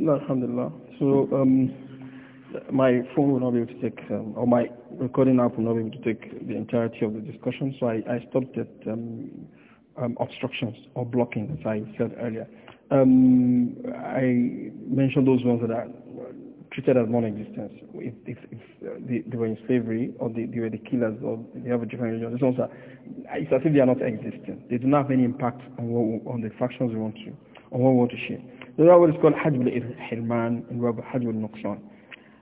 Alhamdulillah. So, um, my phone will not be able to take, um, or my recording app will not be able to take the entirety of the discussion, so I, I stopped at um, um obstructions or blocking, as I said earlier. Um, I mentioned those ones that are treated as non-existence. If, if, if they, they, were in slavery, or they, they, were the killers, or they have a different religion, those ones are, it's as if they are not existing. They do not have any impact on, what, on the factions we want to, on what we want to share. So that what is called Hajj al-Hirman and Hajj al-Nuqsan.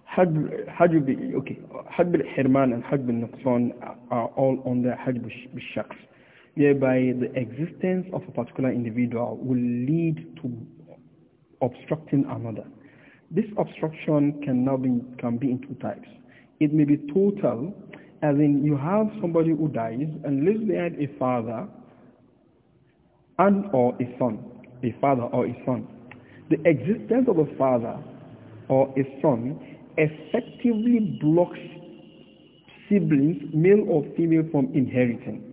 Hajj okay, Hajj al-Hirman and Hajj al-Nuqsan are all under Hajj al-Shaks, whereby the existence of a particular individual will lead to obstructing another. This obstruction can now be, can be in two types. It may be total, as in you have somebody who dies and leaves behind a father and or a son, a father or a son. The existence of a father or a son effectively blocks siblings, male or female, from inheriting.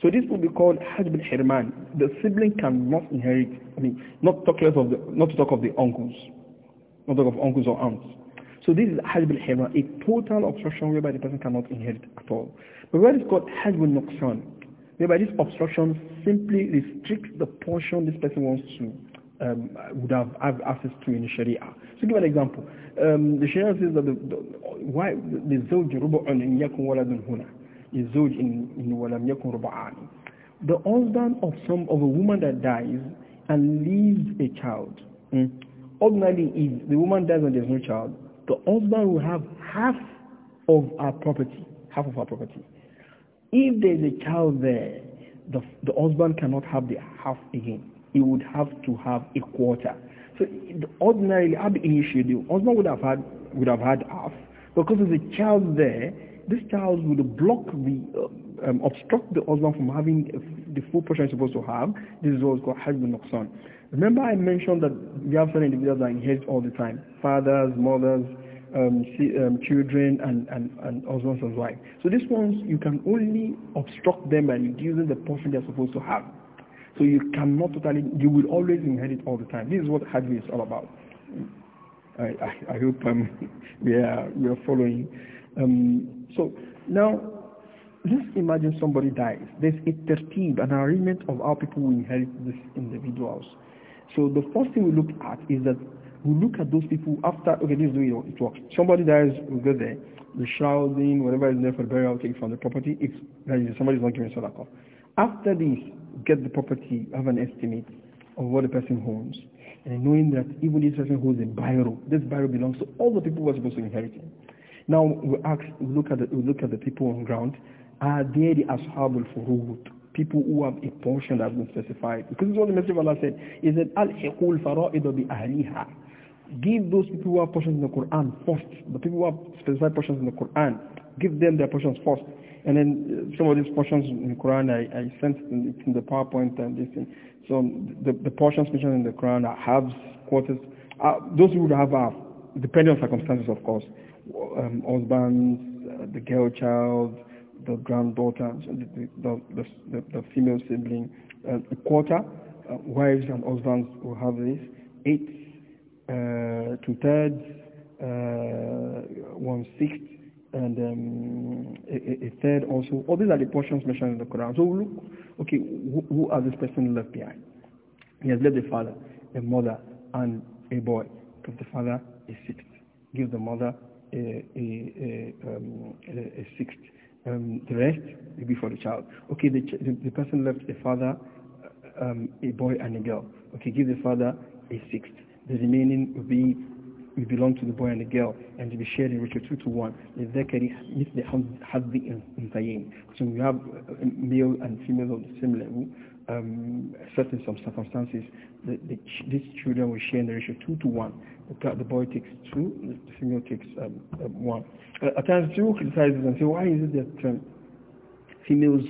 So this will be called husband herman. The sibling cannot inherit, I mean, not talk less of the, not to talk of the uncles, not talk of uncles or aunts. So this is husband herman, a total obstruction whereby the person cannot inherit at all. But what is called husband noxon, whereby this obstruction simply restricts the portion this person wants to um, would have, have access to in Sharia. So give an example. Um, the Sharia says that the, the why the zawj rubu'un in yakun waladun huna is zawj in in walam yakun rubu'ani. The husband of some of a woman that dies and leaves a child. Mm. Ordinarily, if the woman dies and there's no child, the husband will have half of her property, half of her property. If there's a child there, the, the husband cannot have the half again he would have to have a quarter. So ordinarily, ab initio, the husband would have had would have had half because of the child there. This child would block the um, um, obstruct the husband from having the full portion he's supposed to have. This is what's called husband naqsan. Remember, I mentioned that we have certain individuals that inherit all the time: fathers, mothers, um, um, children, and, and, and husbands and wives. So these ones, you can only obstruct them by reducing the portion they're supposed to have. So you cannot totally, you will always inherit all the time. This is what Hadith is all about. I, I, I hope um, we, are, we are following. Um, so now, let's imagine somebody dies. There's a tertib, an arrangement of how people will inherit these individuals. So the first thing we look at is that we look at those people after, okay, this is the way it works. Somebody dies, we go there. The shrouding, whatever is there for burial, take from the property. If somebody is not giving sadaqah. After this, get the property, have an estimate of what the person owns. And knowing that even this person holds a biro, this biro belongs to all the people who are supposed to inherit it. Now we ask, we look at the, we look at the people on ground. Are they the ashabul furud? People who have a portion that has been specified. Because this is what the Messenger of Allah said. He said, Al-Hiqul fara'idu bi ahliha. Give those people who have portions in the Quran first. The people who have specified portions in the Quran, give them their portions first. And then uh, some of these portions in the Quran, I, I sent it in, the PowerPoint and this thing. So the, the portions mentioned in the Quran are halves, quarters. Uh, those who have half, uh, depending on circumstances, of course, um, husbands, uh, the girl child, the granddaughter, the, the, the, the, the female sibling, uh, a quarter, uh, wives and husbands will have this, eight, uh, two-thirds, uh, one-sixth, and um, a, a, third also. All oh, these are the portions mentioned in the Quran. So look, okay, who, who has this person left behind? He has left a father, a mother, and a boy. Give the father a sixth. Give the mother a, a, a, um, a sixth. Um, the rest will be for the child. Okay, the, the, the person left a father, um, a boy, and a girl. Okay, give the father a sixth. The remaining will be we belong to the boy and the girl, and to be shared in ratio 2 to 1. لِلذَّكَرِ مِثْلِ حَظِّ إِنْثَيَيْنِ So we have uh, male and female on the same level, um, except in some circumstances, the, the ch these children will share in the ratio 2 to 1. The, the boy takes 2, the female takes um, um, 1. Uh, at times, people criticize and say, why is it that um, females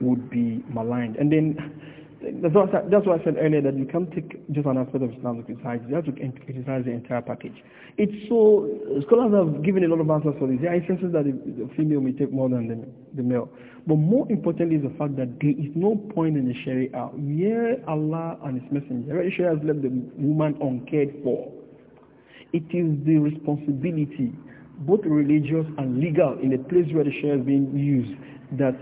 would be maligned? And then that's what, I, that's what I said earlier, that you can't take just an aspect of Islam to criticize. You have to criticize the entire package. It's so, scholars have given a lot of answers for this. There are instances that the, the female may take more than the, the male. But more importantly is the fact that there is no point in the Sharia where Allah and His Messenger, the Sharia has left the woman uncared for. It is the responsibility, both religious and legal, in the place where the Sharia is being used, that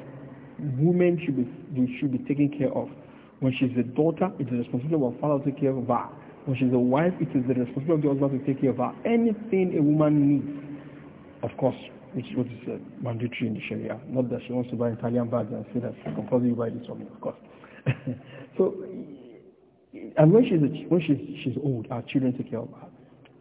women should be, should be taken care of. When she's a daughter, it is the responsibility of her father to take care of her. When she's a wife, it is the responsibility of the husband to take care of her. Anything a woman needs, of course, which is what is uh, mandatory in the Sharia. Not that she wants to buy Italian bags and say that she can probably buy this for me, of course. so, and when she's a, when she's she's old, our children take care of her.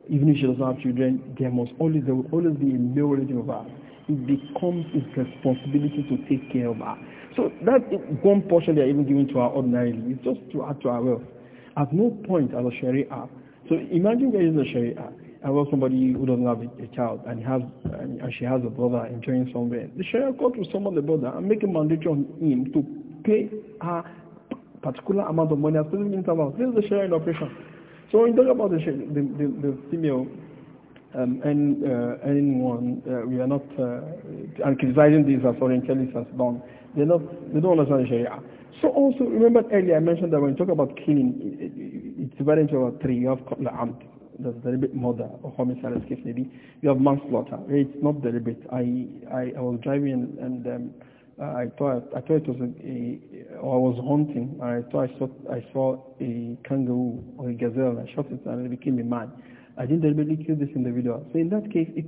Even if she doesn't have children, there must always there will always be a male relative of her it becomes its responsibility to take care of her. So that one portion they are even giving to her ordinarily is just to add to our wealth. At no point as a Sharia. So imagine there is a Sharia. I was somebody who doesn't have a, child and has and, she has a brother enjoying somewhere. The Sharia court will summon the brother and make a mandate on him to pay her particular amount of money at specific intervals. This is the Sharia operation. So when you talk about the, the, the, the female um, uh, anyone, uh, we are not uh, and criticizing these as Orientalists as done. They are not they don't understand Sharia. So also, remember earlier I mentioned that when you talk about killing, it, it, it's very about three. You have amd, that's deliberate murder or homicide, as case may You have manslaughter. It's not deliberate. I, I, I was driving and um, I thought I thought it was a, a, or I was hunting. I thought I saw I saw a kangaroo or a gazelle. I shot it and it became a man. I didn't deliberately kill this individual. So in that case, it's,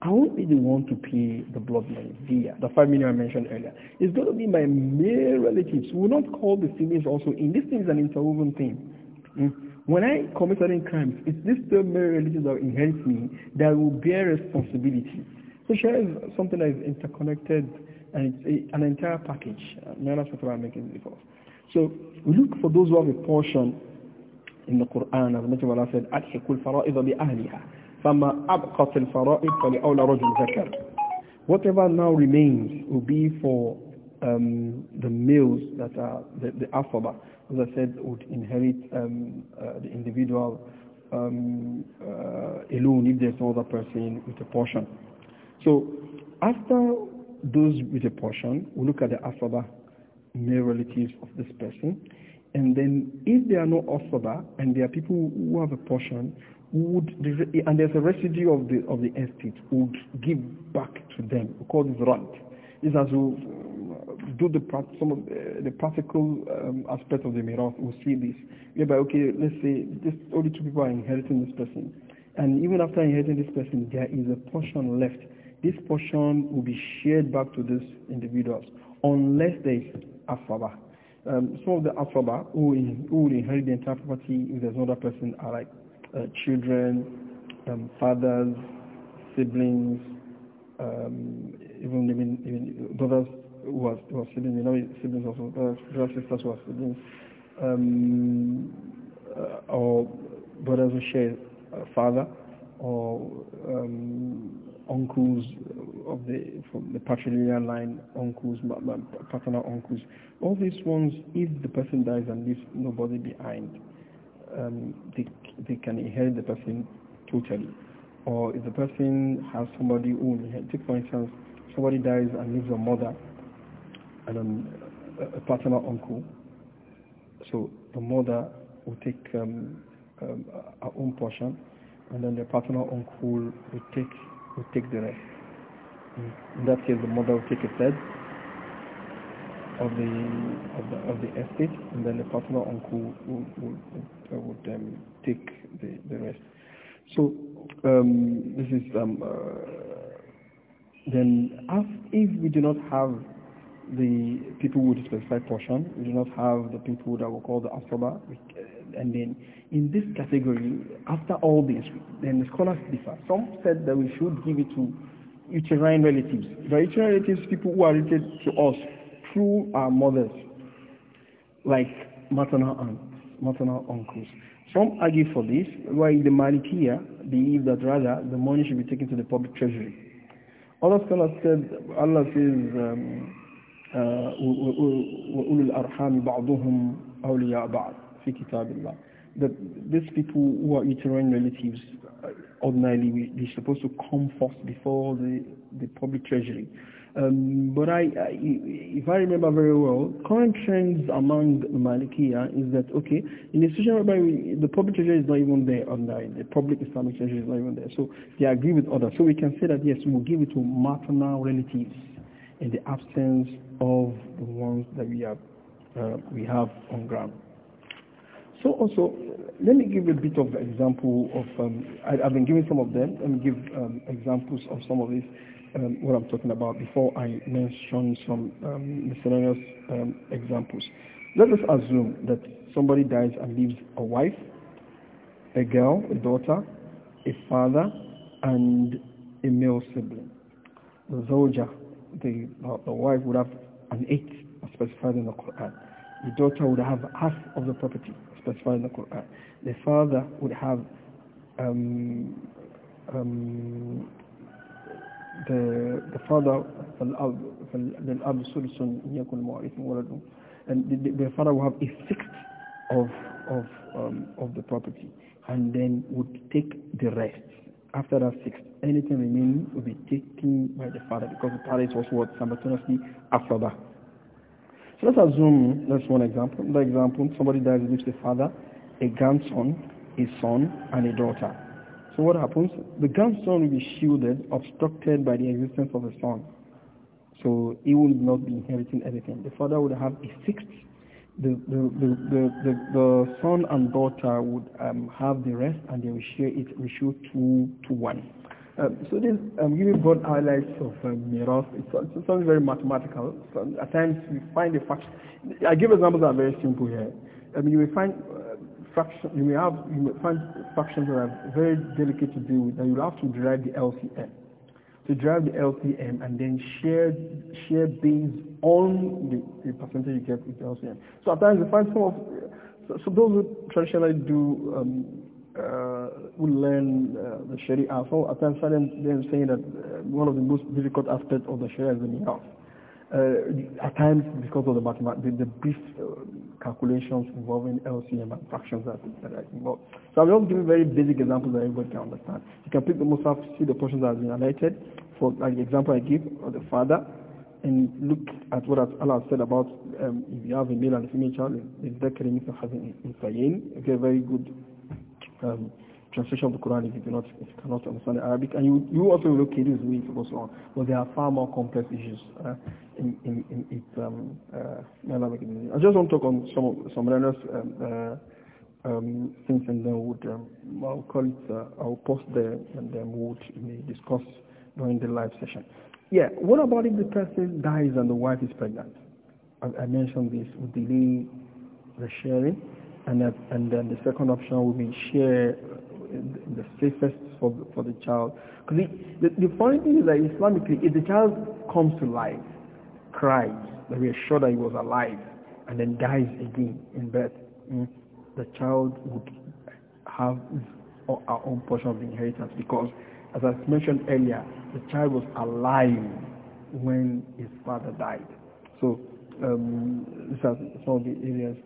I won't be the one to pay the blood money, the, the 5 million I mentioned earlier. It's going to be my male relatives. We will not call the siblings also in. This thing is an interwoven thing. Mm when I commit certain crimes, it's these same male relatives that inherit me that will bear responsibility. So share is something that is interconnected and it's a, an entire package. May Allah uh, making it for So we look for those who have a portion in the Quran as much Allah said الفرائض بأهلها فما أبقت الفرائض فلأولى رجل ذكر whatever now remains will be for um, the males that are the, the as I said would inherit um, uh, the individual um, uh, alone if there's no other person with a portion so after those with a portion we look at the asaba male relatives of this person and then if there are no osoba and there are people who have a portion, would and there's a residue of the of the estate would give back to them this rent. Is as we do uh, the some of the, uh, the practical um, aspect of the mirath, we see this. Whereby okay, let's say this only two people are inheriting this person, and even after inheriting this person, there is a portion left. This portion will be shared back to these individuals unless there is asaba um, some of the asaba who, in, who will inherit the entire property if there's another person are like uh, children, um, fathers, siblings, um, even, even, even brothers who are, who are siblings, you know, siblings also, brothers, brothers sisters who are siblings, um, uh, or brothers who share a father, or um, uncles of the from the patrilineal line uncles, paternal uncles. All these ones, if the person dies and leaves nobody behind, um, they they can inherit the person totally. Or if the person has somebody who take for instance, somebody dies and leaves a mother and um, a paternal uncle, so the mother will take um, um, her own portion, and then the paternal uncle will take will take the rest. In that case, the mother will take a third of the of the, of the estate, and then the partner uncle would would uh, um, take the, the rest. So um, this is um, uh, then if we do not have the people with the specified portion, we do not have the people that we call the asaba, uh, and then in this category, after all this, then the scholars differ. Some said that we should give it to uterine relatives. the uterine relatives, people who are related to us through our mothers, like maternal aunts, maternal uncles. Some argue for this, while the Malikiya believe that rather the money should be taken to the public treasury. Other scholars said Allah says, um, uh, "Ulul وَأُولُو الْأَرْحَامِ بَعْضُهُمْ أَوْلِيَاءَ بَعْضٍ فِي كِتَابِ اللَّهِ That these people who are uterine relatives, ordinarily we are supposed to come first before the, the public treasury. Um, but I, I, if I remember very well, current trends among Malikiya is that, okay, in a situation whereby we, the public treasury is not even there online, the public Islamic treasury is not even there, so they agree with others. So we can say that, yes, we will give it to maternal relatives in the absence of the ones that we have, uh, we have on ground. So also, let me give a bit of example of, um, I, have been giving some of them, let me give um, examples of some of these, um, what I'm talking about before I mention some um, miscellaneous um, examples. Let us assume that somebody dies and leaves a wife, a girl, a daughter, a father, and a male sibling. The Zawja, the, the wife would have an eighth as specified in the Quran. The daughter would have half of the property specified in the Quran. The father would have um, um, the the father فالأب فالأب سلس and the, the father would have a sixth of of um, of the property and then would take the rest after that sixth anything remaining would be taken by the father because the father was also what simultaneously after that so let's assume, that's one example. Another example, somebody dies, leaves a father, a grandson, a son, and a daughter. So what happens? The grandson will be shielded, obstructed by the existence of the son. So he will not be inheriting anything. The father would have a sixth. The, the, the, the, the son and daughter would um, have the rest and they will share it, ratio two to one. Um, so this um, giving broad highlights of um, mirrors, it uh, sounds very mathematical. So at times we find a fraction. I give examples that are very simple here. mean you may find uh, fraction, you may have you may find fractions that are very delicate to deal with, and you'll have to derive the LCM. To derive the LCM and then share share based on the, the, percentage you get with the LCM. So at times you find some of so, so those who traditionally do um, who learn the Sharia. So at times them saying that one of the most difficult aspects of the Sharia is the niyah. Uh, at times because of the, the, the brief uh, calculations involving LCM and fractions that, that are involved. So i will just you very basic examples that everybody can understand. You can pick the most Musaf, see the portions that have been highlighted. For like the example I give of the father, and look at what Allah has said about um, if you have a male and a female child, the that Karim having you have a very good um, translation of the Quran if you do not if you cannot understand Arabic. And you you also look at this week and so on. But there are far more complex issues uh, in in in um, uh, I just want to talk on some of some learners um, uh, um, things and then would um, I'll call it uh, I'll post there and then we would discuss during the live session. Yeah, what about if the person dies and the wife is pregnant? I, I mentioned this, we delay the sharing and, that, uh, and then the second option will be share uh, the safest for the, for the child. Because the, the, the funny thing is that Islamically, if the child comes to life, cries, that we are sure that he was alive, and then dies again in bed mm, the child would have our own portion of the inheritance because, as I mentioned earlier, the child was alive when his father died. So um, these are some of the areas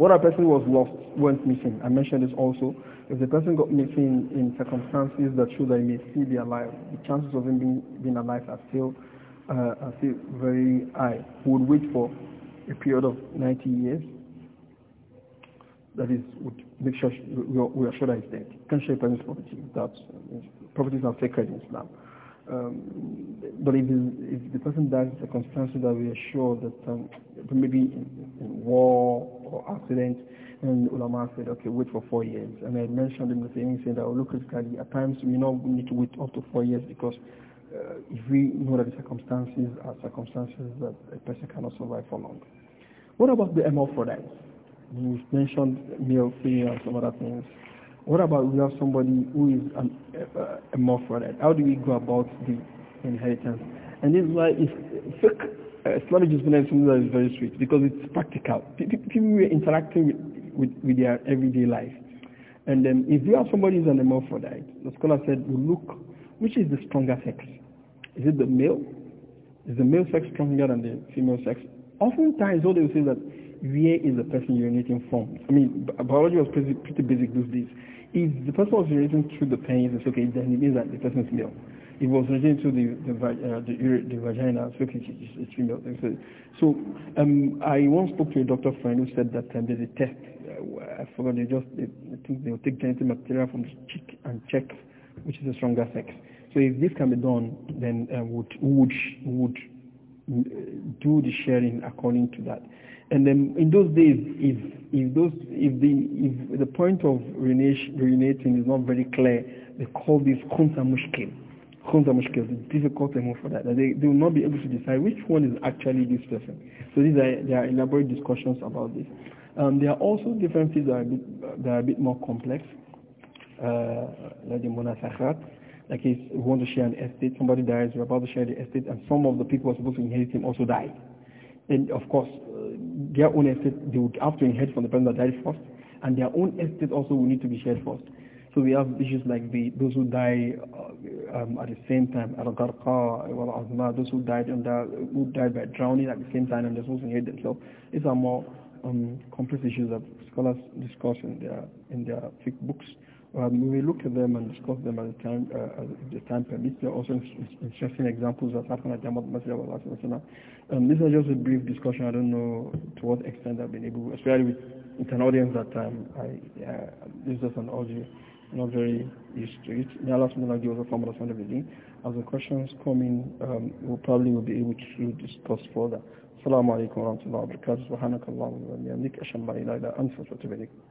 what a person was lost went missing. I mentioned this also. If the person got missing in circumstances that show that he may still be alive, the chances of him being, being alive are still, uh, are still very high. We would wait for a period of 90 years. That is, would make sure we are, we are sure that he's dead. Can't share person's property. That uh, properties are sacred in Islam. Um, but if, if the person dies the circumstances that we are sure that um, maybe in, in, war or accident, and ulama said, okay, wait for four years. And I mentioned in the same saying that oh, look, critically, at times we not need to wait up to four years because uh, if we know that the circumstances are circumstances that a person cannot survive for long. What about the hermaphrodites? You mentioned male, female, and some other things. What about we have somebody who is an, uh, a How do we go about the inheritance? And this is why if fiqh, Islamic jurisprudence that is very strict because it's practical. People we're interacting with, with, with, their everyday life. And if you have somebody who's an hermaphrodite, the scholar said, we look, which is the stronger sex? Is it the male? Is the male sex stronger than the female sex? Oftentimes, what they will say is that where is the person urinating from? I mean, biology was pretty, pretty basic these days. If the person was urinating through the penis, it's okay, then it means that the person is male. If it was urinating through the, the, uh, the, the vagina, it's okay, it's, it's female. So um, I once spoke to a doctor friend who said that um, there's a test. Uh, I forgot, they just, they, I think they'll take genetic material from the cheek and check which is the stronger sex. So if this can be done, then uh, would, would, would uh, do the sharing according to that. And then in those days, if if those if the if the point of urinating is not very clear, they call this khunsa mushkil. Khunsa mushkil is a difficult term for that. They they will not be able to decide which one is actually this person. So these are there are elaborate discussions about this. Um, there are also differences that are a bit, that are a bit more complex, uh, like the monasakhat. Like if you want to share an estate, somebody dies, you're about to share the estate, and some of the people who are supposed to inherit him also die and of course, uh, their own estate, they would have to inherit from the person that died first, and their own estate also will need to be shared first. So we have issues like the, those who die uh, um, at the same time, al azma, those who died under, who died by drowning at the same time and they're supposed to inherit themselves. These are more um, complex issues that scholars discuss in their in their books. Um, we will look at them and discuss them as the time, uh, as the time permits. There are also interesting examples that happen at Jamaat Masjid of Allah. Um, this is just a brief discussion. I don't know to what extent I've been able, especially with, with an audience that um, I, uh, this is just an audio, not very used to it. May Allah subhanahu give us a form of As the questions come in, um, we'll probably will be able to discuss further. السلام alaikum ورحمة الله وبركاته سبحانك اللهم وبحمدك أشهد